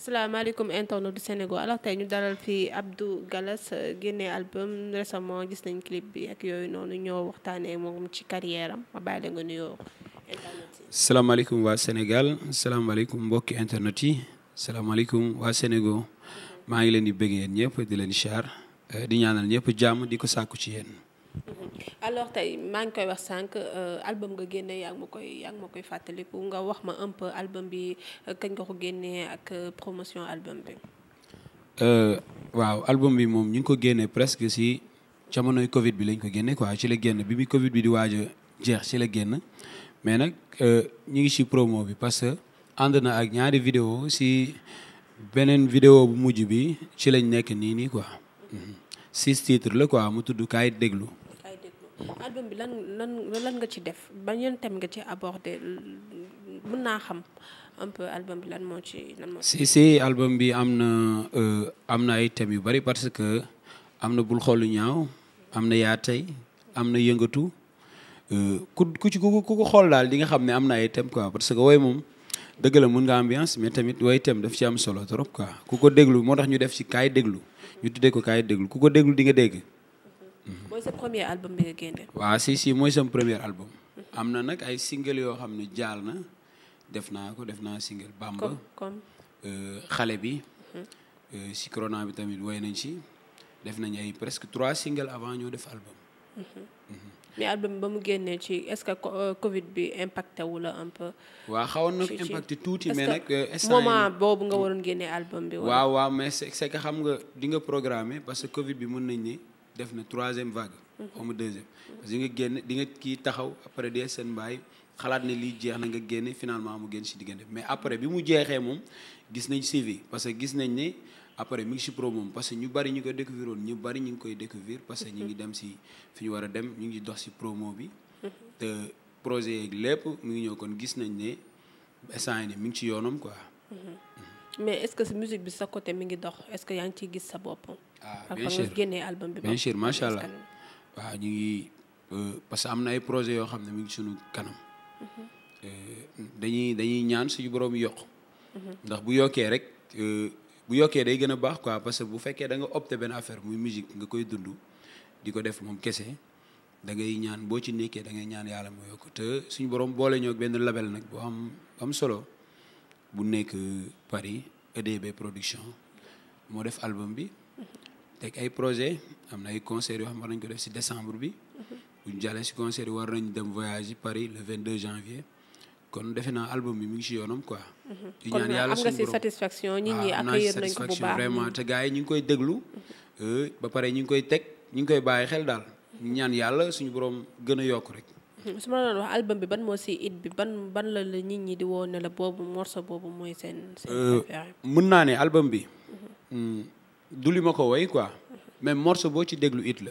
salaamaaleykum internet du Sénégal alors tey ñu dalal fii Abdou Galass euh, génne album récemment gis nañ clip bi ak yooyu noonu ñoo waxtaanee moom ci carrière am ma bàyyi la nga nuyoo. salaamaaleykum waa Sénégal salaamaaleykum mbokki internet yi salaamaaleykum waa Sénégal maa ngi leen di bëgg yen ñëpp di leen char euh, di ñaanal ñëpp jàmm di ko sàkku ci yéen. alors tey maa ngi koy wax sànq euh, album nga génne yaa ngi ma koy yaa fàttaliku nga wax ma un peu album bi euh, kañ nga ko génnee ak euh, promotion album bi. waaw album bi moom ñu ngi ko génnee presque si jamonoy Covid bi lañ ko génne quoi ci la génn bi bi Covid bi di waaj jeex ci la génn mais nag ñu ngi si promo bi parce que ànd na ak ñaari vidéo si beneen vidéo bu mujj bi ci lañ nekk nii nii quoi. Mhm. six titres la quoi mu tudd kaay déglu. album bi lan lan lan nga ci def ba yan thème nga ci abordé mën naa xam un peu album bi lan moo ci lan moo ci. si album bi am na euh, am na ay thèmes yu bari parce que am na bul xoolu ñaaw am na yaa tey am na yëngatu euh, ku ku xool daal di nga xam ne am na ay thèmes quoi parce que woy moom. dëgg mun nga ambiance mais tamit way itam daf ci am solo trop quoi ku ko déglu moo tax ñu def ci kaay déglu ñu tuddee ko kaay déglu ku ko déglu di nga dégg mooy sa premier album bi nga génne. waaw si si mooy sama premier album. am na nag ay single yoo xam ne jaal na def naa ko def naa single. Bamba comme euh, xale bi. Euh, si corona bi tamit woy nañ si. def nañ ay presque trois single avant ñoo def album. Mm-hmm. mais album ba mu génnee ci est-ce que euh, Covid bi impacté wu la un peu. waaw xawoon na ko impacté tuuti mais nag. instant moment boobu nga waroon génnee album bi. waaw waa mais c'est que xam nga di nga programmer parce que Covid bi mën nañ ne. def na troisième vague. xaw ma deuxième. parce que nga génn di nga kii taxaw après des seen mbaay xalaat ne lii jeex na nga génne finalement mu génn si diggante mais après bi mu jeexee moom gis nañ suivi parce que gis nañ ne après mi ngi si pro moom parce que ñu bari ñu ko découvrir woon ñu bari ñu ngi koy découvrir parce que ñu ngi dem si fi ñu war a dem ñu ngi dox si promo bi. te projet yeeg lépp mu ngi ñëw kon gis nañ ne instant ni mi ngi ci yoonam quoi. mais est-ce que si musique bi sa côté mi ngi dox est-ce que yaa ngi ciy gis sa bopp. ah bien sûr génnee album macha allah waaw ñu ngi euh, parce que am na ay projet yoo xam ne mi ngi suñu kanam. Mhm. Euh, dañuy dañuy ñaan suñu borom yokk. Mhm. ndax bu yokkee rek euh, bu yokkee day gën a baax quoi parce que bu fekkee da nga opté benn affaire muy musique nga koy dund di ko def moom kese da ngay ñaan boo ci nekkee da ngay ñaan yàlla mu yokk suñu borom boole ñoo benn label nag bu am am solo bu nekk Paris EDB production moo def album bi. teg ay projet am na ay concert yoo xam war nañ ko def si décembre bi mhm. bu ñu jàllee si concert yi war nañ dem voyage Paris le 22 janvier kon defe naa album bi ngi si yoonam quoi. Mhm. di ñaan yàlla suñu borom kon ko bu mhm. euh, ba pare ñu ngi koy teg ñu ngi koy bàyyi xel daal ñu yàlla suñu borom gën a yokk rek. su ma la doon bi ban moo si it bi ban ban la la nit ñi di woo ne la boobu morceau boobu mooy seen. seen euh, préféré naa ne album bi. Hmm. du li ma ko woy quoi mais morceau boo ci déglu it la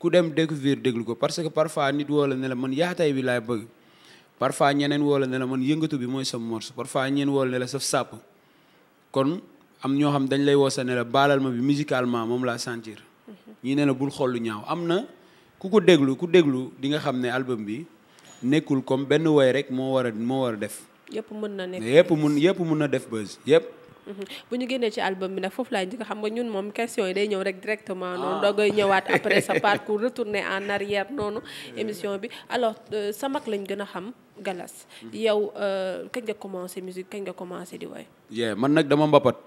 ku dem découvrir déglu ko parce que parfois nit woo la ne man yaatay bi laay bëgg parfois ñeneen woo la ne la man yëngatu bi mooy sam morceau parfois ñeen woo la ne la saf sàpp kon am ñoo xam dañ lay woo sa ne la baalal ma bi musicalement moom laa sentir ñi ne la bul xool lu ñaaw am na ku ko déglu ku déglu di nga xam ne album bi nekkul comme benn woy rek moo war a moo war a def yëpp mën na nekk yëpp mun yëpp mun na def buzz yëpp Mm-hmm. bu ñu génnee ci album bi nag foofu laay njëkk xam nga ñun moom question yi day ñëw rek directement ah. noonu doogay ñëwaat après sa parcours retourner en arrière noonu émission bi alors euh, sa mag gën a xam Galas mm-hmm. yow euh, kañ nga commencé musique kañ nga commencé di way man nag dama mbapat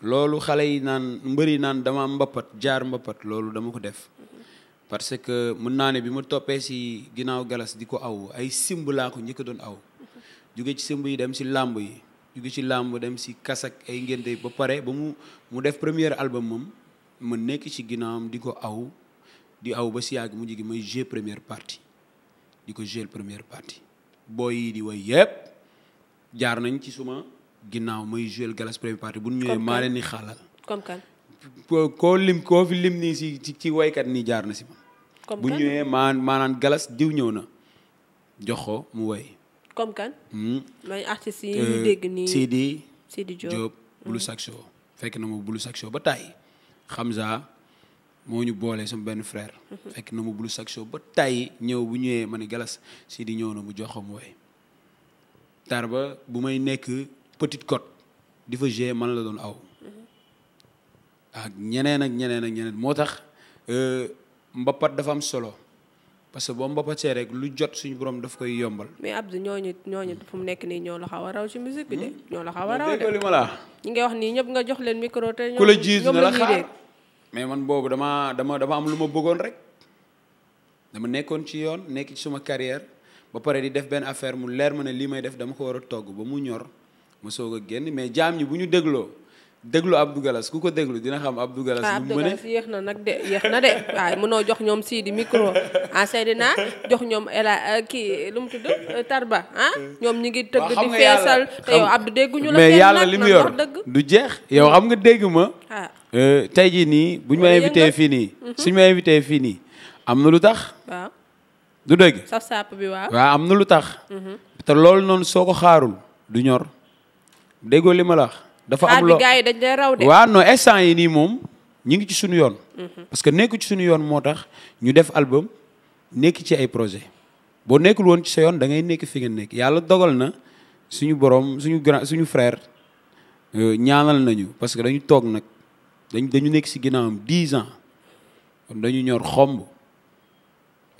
loolu xale yi naan mbëri naan dama mbapat jaar mbapat loolu dama ko def mm-hmm. parce que mën naa ne bi ma toppee si ginnaaw Galas di ko aw ay simb laa ko njëkk doon aw jóge ci simb yi dem si làmb yi jóge ci làmb dem si kasak ay ngénte ba pare ba mu mu def premier album moom ma nekk ci ginnaawam di ko aw di aw ba si yàgg mu jigi may jouer première partie di ko jouer première partie booy yi di woy yëpp jaar nañ ci suma ginnaaw may jouer galas première partie bu ñëwee maa leen ni xaalal comme kan koo lim koo fi ci waykat nii jaar na si man bu ñëwee maa maanaan galas diw ñëw na jox ko mu woy comme kan. Hmm. mooy artistes yi ñu euh, dégg nii Sidi. Sidi Diop hmm. Blue Saxo fekk na mu Blue Saxo ba tàyyi Hamza moo ñu boolee sama benn frère. Mhm. fekk na mu Blue Saxo ba tàyyi ñëw bu ñëwee ma ne galas di ñëw na mu jox ko mu woy Tarba bu may nekk Petite Côte di fa gérer man la doon aw. Mhm. ak ñeneen ak ñeneen ak ñeneen moo tax euh, mbapat dafa am solo. parce que boo mbappatee rek lu jot suñu boroom daf koy yombal. mais Abdou ñooñu ñooñu fu mu nekk nii ñoo la xaw a raw ci musique bi de. Hmm? ñoo la xaw a raw de ñi ngay wax nii ñëpp nga jox leen micro te ñoom. ku la jiitu na la xaar mais man boobu dama dama dama am lu ma bëggoon rek. dama nekkoon ci yoon nekk ci suma carrière ba pare di def benn affaire mu leer ma ne lii may def dama ko war a togg ba mu ñor ma soog a génn mais jaam ñi bu ñu dégloo. déglu Abdou Galas ku ko déglu dina xam Abdou Galas. ah Abdou Galas yéex na nag de yéex na de waaye mënoo jox ñoom sii di micro ah Seydina jox ñoom Ela euh, kii lu mu euh, Tarba ah? ñoom ñi ngi tëgg di feesal te mais yàlla li mu yor du jeex yow xam nga dégg ah. euh, tey jii nii buñ ma invité fii nii. Mhm. suñ ma invité fii nii am na lu tax. du dëgg. saf sapp bi waaw. waaw am na lu tax. Mhm. te loolu noonu soo ko xaarul du ñor déggoo li ma la wax dafa ah, am loo gars yi dañ lay raw yi nii moom ñu ngi ci suñu yoon. Mhm. parce que nekk ci suñu yoon moo tax ñu def album nekk ci ay projet boo nekkul woon ci sa yoon da ngay nekk fi ngeen nekk yàlla dogal na suñu borom suñu grand suñu frère euh, ñaanal nañu parce que dañu toog nag dañ dañu nekk si ginnaawam dix ans dañu ñor xomb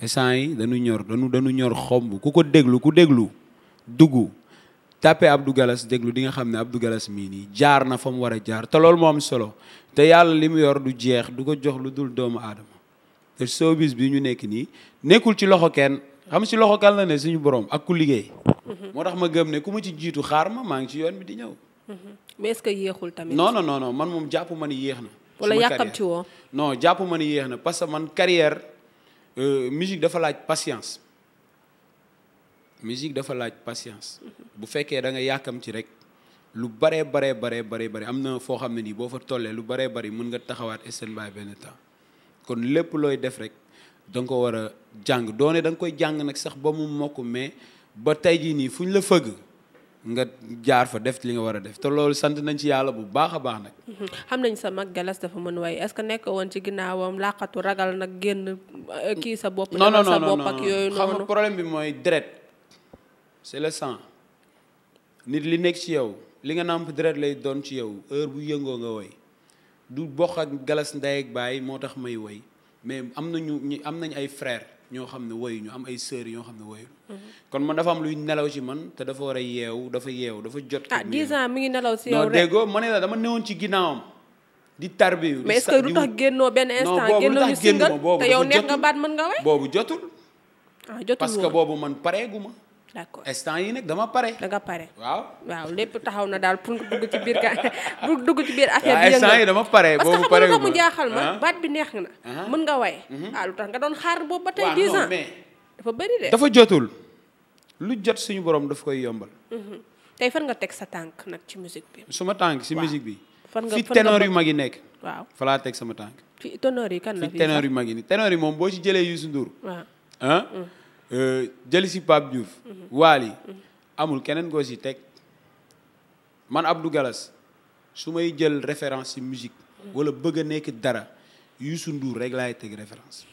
instant yi dañu ñor dañu dañu ñor xomb ku ko déglu ku déglu dugg. tàppe Abdou Galas déglu di nga xam ne Abdou Galas mii nii jaar na fa mu war a jaar te loolu moom solo te yàlla li mu yor du jeex du ko jox lu dul doomu aadama te showbiz bi ñu nekk nii nekkul ci loxo kenn xam si loxo kan la ne suñu borom ak ku liggéey. Mhm. moo tax ma gëm ne ku ma ci jiitu xaar ma maa ngi ci yoon bi di ñëw. Mhm. mais est-ce que yéexul tamit. non man moom jàpp ma ni yéex na. wala yàkkamti woo. non jàpp ma ni yéex na parce que man carrière euh, musique dafa laaj patience. musique dafa laaj patience. bu fekkee da nga yàkkam ci rek lu baree baree baree baree bare am na foo xam ne nii boo fa tollee lu baree bari mun nga taxawaat stand by benn temps kon lépp looy def rek da nga ko war a jàng doone danga koy jàng nag sax ba mu mokk mais ba tey jii nii fu ñu la fëgg. nga jaar fa def li nga war a def te loolu sant nañ ci yàlla bu baax a baax nag. xam nañ sa mag galas dafa mën way est-ce que nekk woon ci ginnaawam laqatu ragal nag génn sa bopp. non c'est le sang nit li nekk ci yow li nga nàmp deret lay doon ci yow heure bu yëngoo nga woy du boq ak galas ndey ak baay moo tax may woy mais am nañu ñu am nañ ay frères ñoo xam ne woyu ñu am ay sœurs ñoo xam ne woyu mm-hmm. kon man dafa am luy nelaw ci man te dafa war a yeewu dafa yeewu dafa jot. ah 10 ans mi ngi nelaw si yow rek non déggoo ma ne la dama newoon ci ginnaawam. di tarbiyu mais est-ce que lu tax génnoo benn instant génnoo ñu single te nga baat mën nga woy boobu jotul. ah jotul parce que boobu man pareegu ma. d' accord instant yi nag dama pare. da nga pare waaw. waaw lépp taxaw na daal pour dugg ci biir ga pour dugg ci biir affaire bi. instant yii dama pare boobu pare parce que mu jaaxal ma ah. baat bi neex na. Ah. mën nga waye mhm. ah lu tax nga doon xaar boobu ba tey 10 ans dafa bëri de. dafa jotul lu jot suñu borom daf koy yombal. Mhm. tey fan nga teg sa tànk nag ci musique bi. suma tànk si musique bi. fan nga fi ténor yu mag yi nekk. waaw fa laa teg sama tànk. fi ténor yi kan la fi ténor yu mag yi nii ténor yi moom boo ci jëlee Youssou Euh, jëli si Pape Diouf. Mhm. Waly mhm. amul keneen koo si teg man Abdou Galas su may jël référence si musique mhm. wala bëgg a nekk dara Youssou Ndour rek laay teg référence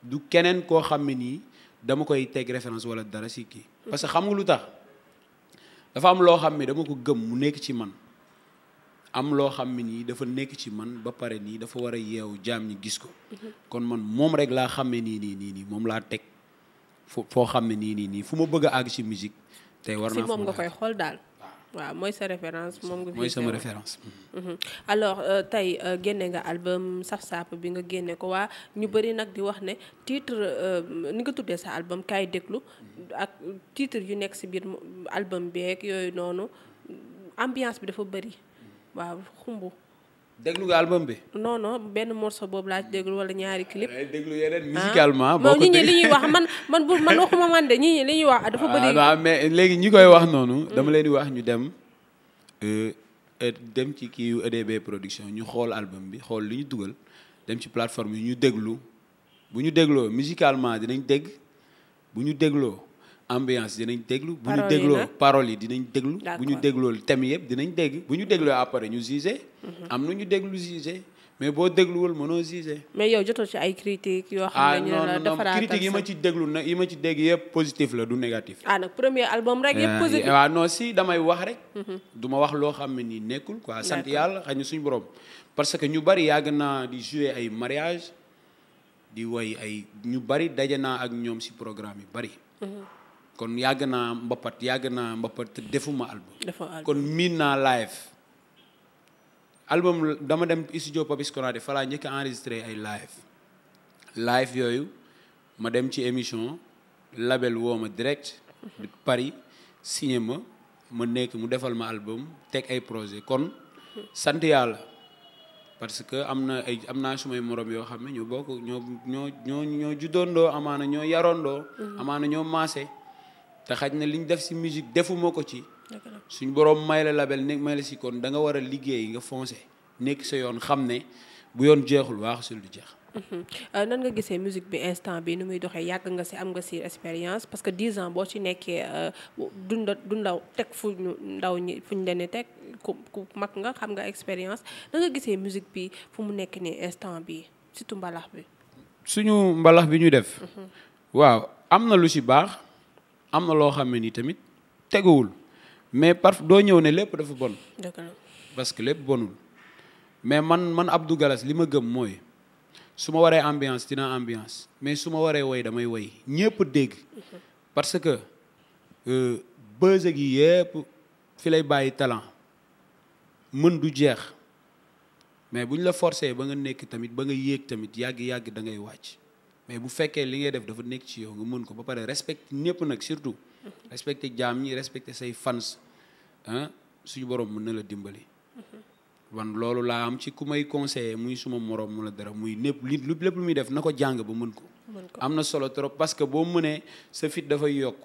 du keneen koo xam ne nii dama koy teg référence wala dara si kii. parce que xam nga lu tax dafa am loo xam ne dama ko gëm mu nekk ci man am loo xam ne nii dafa nekk ci man ba pare nii dafa war a yeewu jaam ñi gis ko kon man moom rek laa xam nii nii nii nii moom laa teg. fu foo xam ne nii nii nii fu ma bëgg a àgg si musique tey war naa si moom nga koy xool daal waaw mooy sa référence moom nga. mooy sama référence. Mhm. alors euh, tey euh, génne nga album Saf Sap bi nga génne ko waa ñu mhm. bëri nag di wax ne titre euh, ni nga tuddee sa album kaay déglu mhm. ak titre yu nekk si biir album beeg yooyu noonu ambiance bi dafa bëri waaw xumbu. déglu nga album bi. non benn morso boobu laa ci déglu wala ñaari clip. déglu yeneen ah. musicalement. boo ko ñi li ñuy wax man man bu man waxuma man de nit ñi li ñuy wax dafa bëri. ah mais léegi ñi koy wax noonu. dama leen di wax ñu dem. Euh, dem ci kii EDB production ñu xool album bi xool li ñu dugal dem ci plateforme yi ñu déglu bu ñu dégloo musicalement dinañ dégg bu ñu dégloo. ambiance dinañ déglu. bu ñu dégloo paroles yi dinañ déglu. bu ñu dégloo thème yëpp dinañ dégg. bu ñu dégloo après ñu jugé. Mhm. am na ñu déglu jugé mais boo dégluwul mënoo jugé. mais yow jotoo ci ay critiques yoo xam ah, ne ñu la defaraatal critiques ma ci déglu nag yi ma ci dégg yëpp positif la du négatif. ah nag premier album rek yëpp eh, positif. waaw si damay wax rek. Mhm. du ma wax loo xam ne nii nekkul quoi sant yàlla xëy na suñu borom. parce que ñu bari yàgg naa di jouer ay mariage di woy ay ñu bari daje naa ak ñoom si programme yu bari. Mhm. kon yàgg naa mbappat yàgg naa mbappat te defuma album. kon miin naa live. album dama dem studio Papis Konaté fa laa njëkk a enregistré ay live. live yooyu ma dem ci émission label woo ma direct. de Paris signé ma ma nekk mu defal ma album teg ay projet kon sant yàlla. parce que am na ay am naa sumay morom yoo xam ne ñu bokk ñoo ñoo ñoo ñoo juddoondoo amaana ñoo yaroondoo mm-hmm. amaana ñoo maase. te xaj na li ñu def si musique defuma ko ci. suñ borom may la label nekk may la si kon da nga war a liggéey nga foncé nekk sa yoon xam ne bu yoon jeexul waax si lu jeex. Mhm. Euh, nan nga gisee musique bi instant bi nu muy doxee yàgg nga si am nga si expérience parce que 10 ans boo ci nekkee dunda euh, dundaw teg fu ñu ndaw ñi fu ñu leen teg ku ku mag nga xam nga expérience nan gisee musique bi fu mu nekk nii instant bi surtout mbalax bi. suñu mbalax bi ñu def. Mhm. waaw am na lu si baax. am na loo xam ne ni tamit teguwul mais par doo ñëw ne lépp dafa bon. parce que lépp bonul. mais man man Abdou Galass li ma gëm mooy su ma waree ambiance dina ambiance mais su ma waree woy damay woy ñëpp dégg. parce que euh, buzz gi yëpp fi lay bàyyi talent mën du jeex mais bu ñu la forcé ba nga nekk tamit ba nga yéeg tamit yàgg yàgg da ngay wàcc. mais bu fekkee li ngay def dafa nekk ci yow nga mën ko ba pare respecte ñëpp nag surtout respecte jaam ñi respecte say fans ah suñu borom mën na la dimbali wan loolu laa am ci ku may conseiller muy suma morom mu la dara muy népp li lépp lu muy def na ko jàng ba mën ko am na solo trop parce que boo mënee sa fit dafay yokk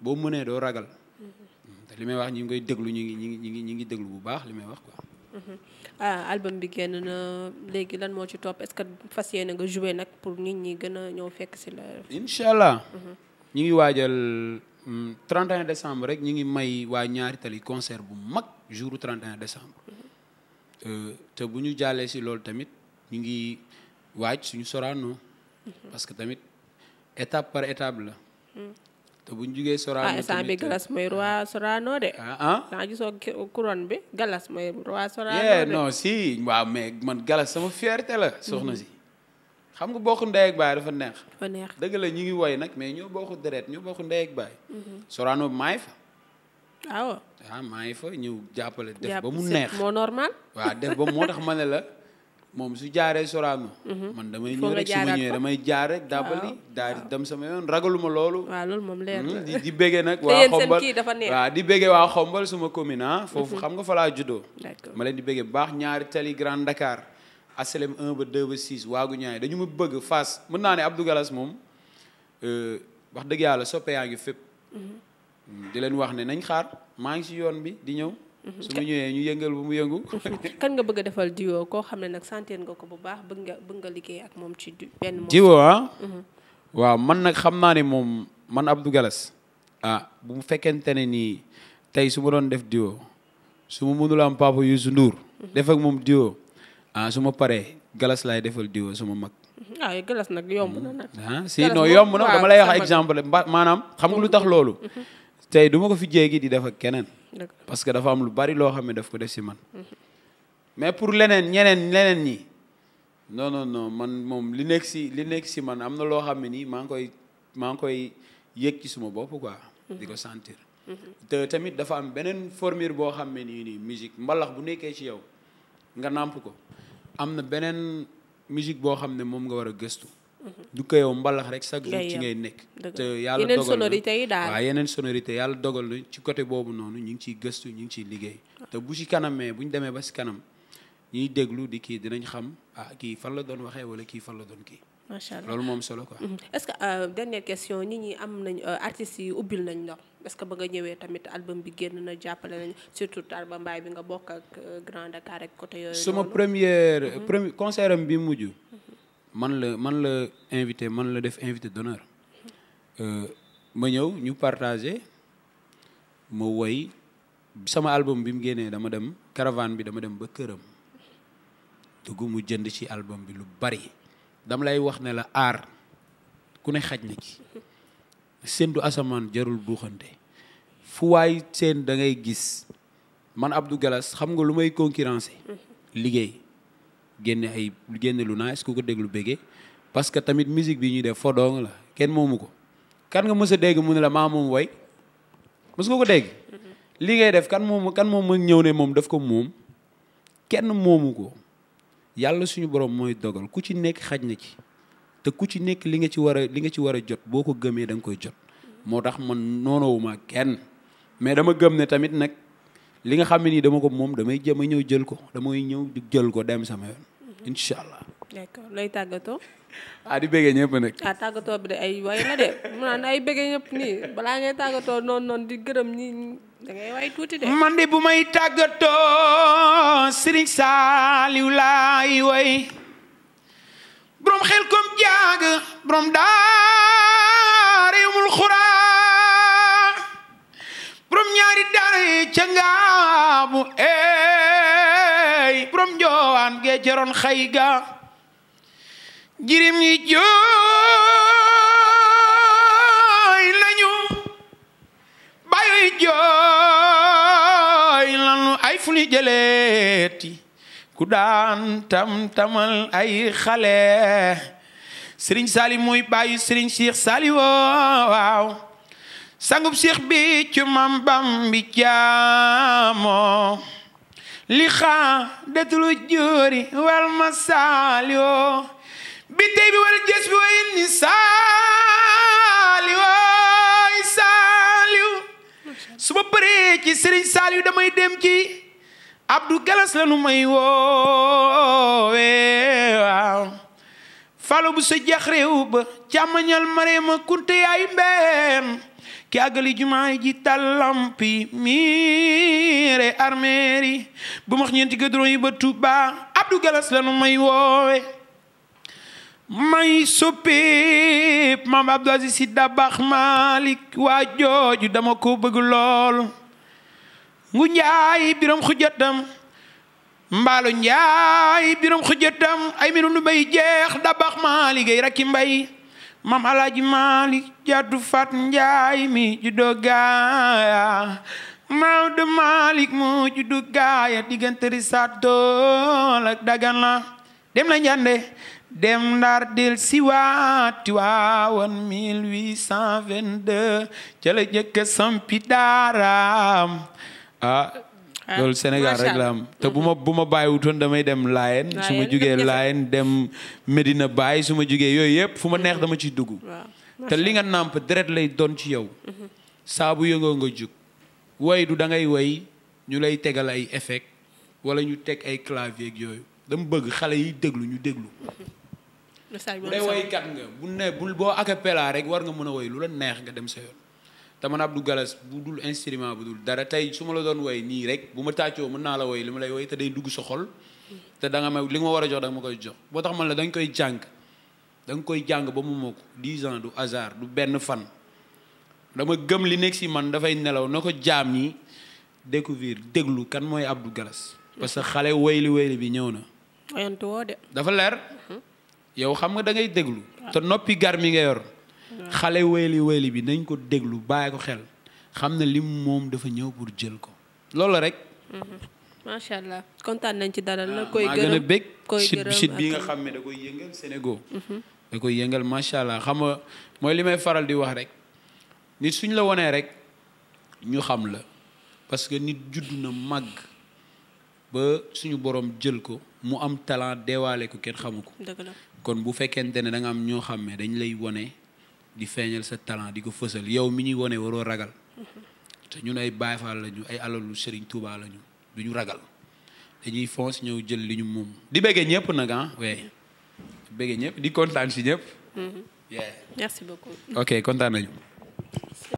boo mënee doo ragal mm-hmm. Mm-hmm. te li may wax ñi ngay koy déglu ñu ngi ñu ngi ñu ngi ñu ngi déglu bu baax li may wax ko Mhm. ah album bi génn na léegi lan moo ci topp est-ce que fas yéene nga joué nag pour nit ñi gën a ñëw fekk si la. incha allah. Mhm. ñu ngi waajal 31 mm, décembre rek ñu ngi may waa ñaari tali concert bu mag jour 31 décembre. Mhm. Euh, te bu ñu jàllee si loolu tamit ñu ngi waaj suñu Sorano. parce que tamit étape par étape la. te bu ñu jugee Sorano ah instant bi Galas mooy euh, roi Sorano de. ah, ah. gisoo couronne bi Galas mooy roi Sorano de. si waaw mais man Galas sama fierté la soxna si. xam nga bokku ndey ak dafa neex. dafa neex dëgg la ñu ngi woy nag mais ñoo bokku deret ñoo bokku ndey ak baay. Mm-hmm. Sorano maay fa. Ah, waaw ah maay fa ñëw jàppale. def ba mu neex moo normal. waaw def ba moo tax ma ne la. moom su jaaree Sorano. Mhm. man damay ñëw rek su ñëwee damay jaar rek. daabali daal dem sama yoon ragaluma loolu. waaw moom leer mhm, di di béggee nag. waa xombal di béggee waa xombal suma commune ah. Mhm. foofu xam nga fa laa juddoo. ma leen di béggee bu baax ñaari tali ndakaar Dakar. aslem 1 ba 2 ba waagu ñaay dañu ma bëgg fas mën naa ne Abdou Galas moom euh, wax dëgg yàlla soppe yaa ngi fépp. Mm, di leen wax ne nañ xaar maa ngi si yoon bi di ñëw. Mhm. su mu ñëwee ñu yëngal bu mu yëngu. kan nga bëgg a defal duo koo xam ne nag sentir nga ko bu baax bëgg nga bëgg nga liggéey ak moom ci benn. duo ah. Mhm. waaw man nag xam naa ne moom man Abdou Galass ah bu mu fekkente ne nii tey su ma doon def duo su ma mënul am mhm. def ak moom duo ah su ma paree Galass laay defal duo su mag. ah Galass nag yomb na nag. ah si non yomb na dama lay wax exemple maanaam xam nga lu tax loolu. tey du ko fi jéegi di def ak keneen. parce que dafa am lu bari loo xam ne daf ko def si man. mais pour leneen ñeneen leneen ñi no non non man moom li nekk si li nekk si man am na loo xam ne nii maa ngi koy maa ngi koy yëg ci suma boppu quoi. di ko sentir. tamit dafa am beneen formule boo xam ne nii nii musique mbalax bu nekkee ci yow nga nàmp ko am na beneen musique boo xam ne moom nga war a gëstu. Mm-hmm. du ko yow mbalax rek chaque jour ci ngay nekk te yàlla dogal sonorité yi daal sonorité yàlla dogal na ci côté boobu noonu ñu ngi ciy gëstu ñu ngi ciy liggéey ah. te bu ci mais bu ñu demee ba ci kanam ñuy déglu di kii dinañ xam ah kii fan la doon waxee wala kii fan la doon kii macha allah loolu moom solo ko mm-hmm. est-ce que euh, dernière question nit ñi am nañ euh, artistes yi ubbil nañ la est-ce que ba nga ñëwee tamit album bi génn na jàppale nañ surtout Tarba baay bi nga bokk ak euh, Grand Dakar ak côté yooyu. sama première. Mm-hmm. premier concert am bi man la man la invité man la def invité d'honneur euh, ma ñëw ñu partagé ma woy sama album bi mu génnee dama dem caravane bi dama dem ba këram dugg mu jënd ci album bi lu bari dama lay wax ne la aar ku ne xaj na ci seen du asamaan jarul buuxante fu waay seen da ngay gis man abdu Galas xam nga lu may concurrencer mm-hmm. liggéey génne ay génne lu nice koo ko déglu béggee parce que tamit musique bi ñuy def fo dong la kenn moomu ko kan nga mës dégg mu ne la maa moom way mës nga ko dégg mm-hmm. li ngay def kan moom kan moom ma ñëw ne moom daf ko moom kenn moomu ko yàlla suñu borom mooy dogal ku ci nekk xaj na ci te ku ci nekk li nga ci war a li nga ci war a jot boo ko gëmee da nga koy jot mm-hmm. moo tax man noonowuma kenn mais dama gëm ne tamit nag li nga xam ne nii dama ko moom damay jëm a ñëw jël ko damay ñëw jël ko dem sama yoon incha allah. looy tàggatoo. ah di bëggee ñëpp nag. ah tàggatoo bi de ay way nii balaa ngay tàggatoo noonu noonu di gërëm ñi da ngay tuuti de. man de bu may tàggatoo Serigne Saliou way borom xel kom jaag borom daara yumul borom ñaari daara ca ngaabu eh. njoowaan gee jaroon xay ga jirim yi jooy nañu bayu yi jooy lanu ay fu ni ku daan tam tamal ay xale sëriñ saali muy bàyyi sëriñ siix saali waaw sangub siix bi ci mam bam li xaadatul wujuuri wal masaali woo bi bi wal jës bi way ni saali wooy saaliw su ma paree ci sëriñ saaliw damay dem ci abdu galas la may woowe waaw falo bu sa jax réew ba càmmañal mareema kunte yaay mbeen kaagali jumaa ji talampi miire armeeri bu max ñeenti gëdron yi ba Tuuba Abdou Galas la nu may woowe may soppeep maam Abdou Aziz Si Dabax Malik waa jooju dama ko bëgg loolu ngu njaay biram xujjatam mbaalo njaay biram xujjatam ay minu nu bay jeex Dabax Malik ay rakki mbay mam alaaji Maalik jàddu fat njaay mi juddoo gaaya Maodo Malick mu juddu gaaya diggante risaat dool ak dagan la dem la njande dem ndar del siwaat waawoon 1822 ca la jëkk sampi daaraam ah Ah, loolu Sénégal rek la am te bu ma bu ma bàyyiwutoon damay dem Laayeen su ma jógee Laayeen dem Medina Baye su ma jugee yooyu yëpp fu ma neex dama ciy dugg te li nga nàmp deret lay doon ci yow mhm. saabu bu yëngoo nga jóg woy du da ngay woy ñu lay tegal ay effet wala ñu teg ay clavier yooyu dama bëgg xale yi déglu ñu déglu bu dee kat nga bu ne bu boo acapella rek war nga mën a woy lu la neex nga dem sa yoon te man Abdou Galas bu dul instrument bu dul dara tey su ma la doon woy nii rek bu ma tàccoo mën naa la woy li ma lay woy te day dugg sa xol te danga nga li nga ma war a jox da ma koy jox boo tax man la da koy jàng da nga koy jàng ba mu mokk dix ans du hasard du benn fan dama gëm li nekk si man dafay nelaw na ko jaam ñi découvrir déglu kan mooy Abdou Galas parce que xale wayli wayli bi ñëw na dafa leer mhm. yow xam nga da ngay déglu ah. te noppi gar mi nga yor xale wéyli wéyli bi nañ ko déglu bàyyi ko xel xam na lim moom dafa ñëw pour jël ko loolu rek. Mm-hmm. macha allah kontaan nañ ci dalal la. koy maa gën a bég site bi nga xam ne da koy yëngal Sénégal. Mm-hmm. da koy yëngal macha allah xam nga mooy li may faral di wax rek nit suñ la wonee rek ñu xam la parce que nit judd na màgg ba suñu borom jël ko mu am talent deewaale ko kenn xamu ko. kon bu fekkente ne danga am ñoo xam ne dañ lay wone di feeñal sa talent di ko fësal yow mi ñuy wone waroo ragal te ñun ay Baay Faal lañu ay alalu Serigne Touba lañu du ñu ragal dañuy fonce ñëw jël li ñu moom di bëggee ñëpp nag ah oui di bëggee ñëpp di kontaan si ñëpp. Mm-hmm. merci beaucoup. ok kontaan nañu.